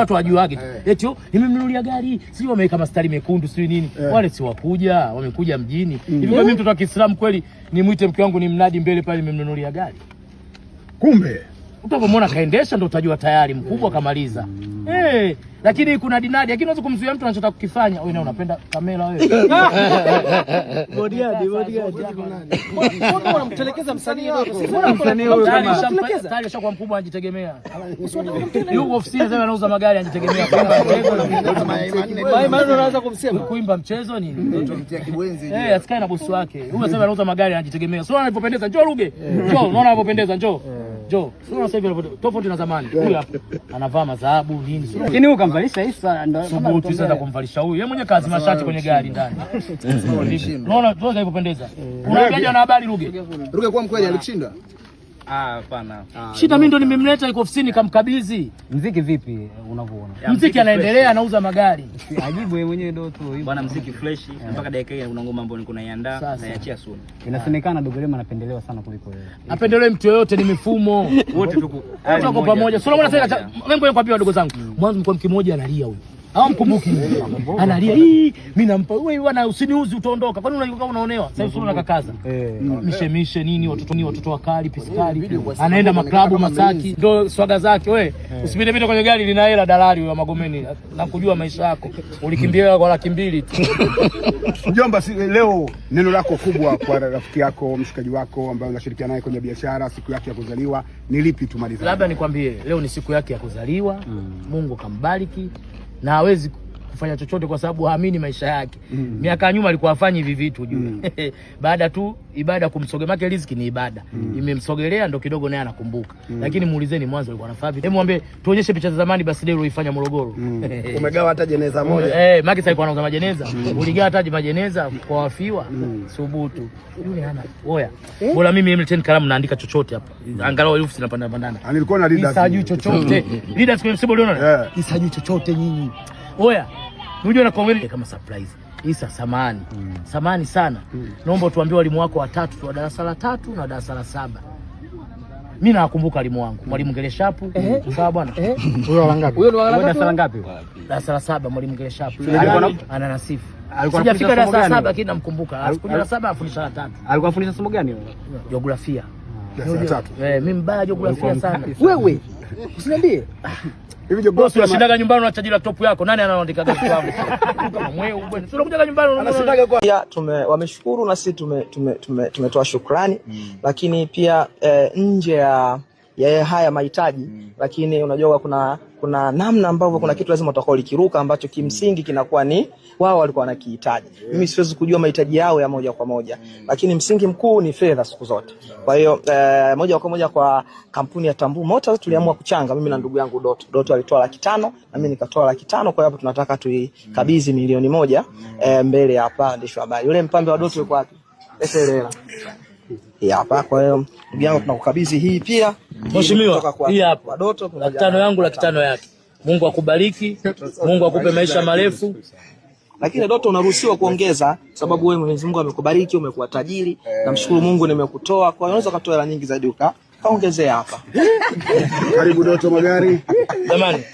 watu wajuage tu eh. hey. Eti oh, nimemnunulia gari si wameweka mastari mekundu si nini hey. Eh. Wale si wakuja wamekuja mjini mm. hivi mm. Mimi mtoto wa Kiislamu kweli, nimwite mke wangu ni mnadi mbele pale, nimemnunulia gari kumbe utakapomwona kaendesha ndo utajua tayari mkubwa eh. kamaliza. Eh, lakini kuna dinadi, lakini unaweza kumzuia mtu anachotaka kukifanya. Wewe unapenda kamera wewe. Bodyguard, bodyguard. Mbona unamtelekeza msanii wako? Si Mbona msanii wewe kama tayari ashakuwa mkubwa anajitegemea. Yuko ofisini sasa anauza magari anajitegemea. Bye maneno anaanza kumsema. Kuimba mchezo nini? Mm. Ndio mtia kibwenzi. Eh, askari na bosi wake. Wewe unasema anauza magari anajitegemea. Sio anapopendeza, njoo Ruge. Eh. Njoo, unaona anapopendeza, njoo. Eh. Jo, sio sasa hivi tofauti na zamani. Huyu hapa anavaa madhahabu nini? Lakini huyu kamvalisha Isa ndio subutu sasa kumvalisha huyu. Yeye mwenye kazi mashati kwenye gari ndani. Unaona, ndio haipopendeza. Unaambia na habari Ruge. Ruge kwa mkweli alishinda. Ah, hapana. Ah, Shida mimi ndo nimemleta iko ofisini kamkabidhi. Mziki vipi eh, unavyoona? Mziki anaendelea anauza magari. Ajibu yeye mwenyewe ndo tu. Bwana mziki fresh eh. mpaka dakika hii kuna ngoma ambayo niko naiandaa na yaachia soon. Inasemekana Dogo Dogorema anapendelewa sana kuliko wewe. Apendelewe mtu yoyote ni mifumo. Wote tuko tuko yaani pamoja. Sio mbona sasa mimi ngoja kwa wadogo zangu. Mm. Mwanzo mko mkimoja analia huyo hawamkumbuki Analia, "Hii mimi nampa wewe bwana usiniuzi utaondoka. Kwani kama unaonewa? Sasa hivi una kakaza. Eh. Mm, mishe mishe nini watoto ni watoto wakali, pisikali Anaenda maklabu Masaki, ndio swaga zake wewe. Eh. Usipinde pinde kwenye gari lina hela dalali wa Magomeni. Nakujua maisha yako. Ulikimbia kwa laki mbili tu. Mjomba, leo neno lako kubwa kwa rafiki yako, mshikaji wako ambaye unashirikiana naye kwenye biashara, siku yake ya kuzaliwa ni lipi tumalize? Labda nikwambie, leo ni siku yake ya kuzaliwa. Mm. Mungu kambariki. Now, is kufanya chochote kwa sababu haamini maisha yake. mm. miaka ya nyuma alikuwa afanye hivi vitu juu mm. baada tu ibada kumsogelea, make riziki ni ibada mm. imemsogelea ndo kidogo naye anakumbuka mm. lakini muulizeni mwanzo alikuwa anafaa vipi? Hebu mwambie tuonyeshe picha za zamani basi leo ifanya Morogoro. mm. Eh, umegawa hata jeneza moja eh, make sasa alikuwa anauza majeneza mm. uligawa hata majeneza kwa wafiwa mm. subutu yule hana oya eh? bora mimi Emilton Kalamu naandika chochote hapa mm. angalau elfu zinapanda pandana, nilikuwa na leader isajui chochote leader kwenye leo uliona, yeah. isajui chochote nyinyi Oya, unajua na komedi kama surprise. Isa samani. Mm. Samani sana. Mm. Naomba tuambie walimu wako watatu wa darasa la tatu na darasa la saba. Mimi nakumbuka walimu wangu. Mwalimu Geleshapu, sawa bwana? Huyo wa ngapi? Huyo ni wa darasa la ngapi? Darasa la saba mwalimu Geleshapu. Ananasifu. Alikuwa anafika darasa la saba lakini namkumbuka. Alikuwa darasa la saba afundisha la tatu. Alikuwa anafundisha somo gani? Jiografia. Ah, darasa la tatu. Eh, mimi mbaya jiografia sana. Wewe Usiniambie. Hivi nyumbani unachaji laptop yako. Nani anaandika gapi Sio unakuja nyumbani kwa. tume wameshukuru na sisi tume tumetoa tume, shukrani mm. Lakini pia eh, nje ya ya haya mahitaji mm. Lakini unajua kuna kuna namna ambavyo kuna mm. kitu lazima utakao likiruka ambacho kimsingi kinakuwa ni wao walikuwa wanakihitaji. Mm. Mimi siwezi kujua mahitaji yao ya moja kwa moja, mm. lakini msingi mkuu ni fedha siku zote. Kwa hiyo eh, moja kwa moja kwa kampuni ya Tambu Motors tuliamua kuchanga, mimi na ndugu yangu Doto. Doto alitoa laki tano na mimi nikatoa laki tano. Kwa hiyo hapo tunataka tuikabidhi milioni moja eh, mbele hapa waandishi wa habari. Yule mpambe wa Doto yuko wapi? Pesa ile hela hapa. Kwa hiyo ndugu yangu tunakukabidhi hii pia Mheshimiwa, hii hapa laki tano yangu, laki tano yake. Mungu akubariki, Mungu akupe maisha marefu. Lakini Doto, unaruhusiwa kuongeza sababu wewe Mwenyezi Mungu amekubariki, umekuwa tajiri. Eh. Namshukuru Mungu nimekutoa, kwa hiyo unaweza kutoa hela nyingi zaidi ukaongezea hapa. Karibu Doto Magari. Jamani.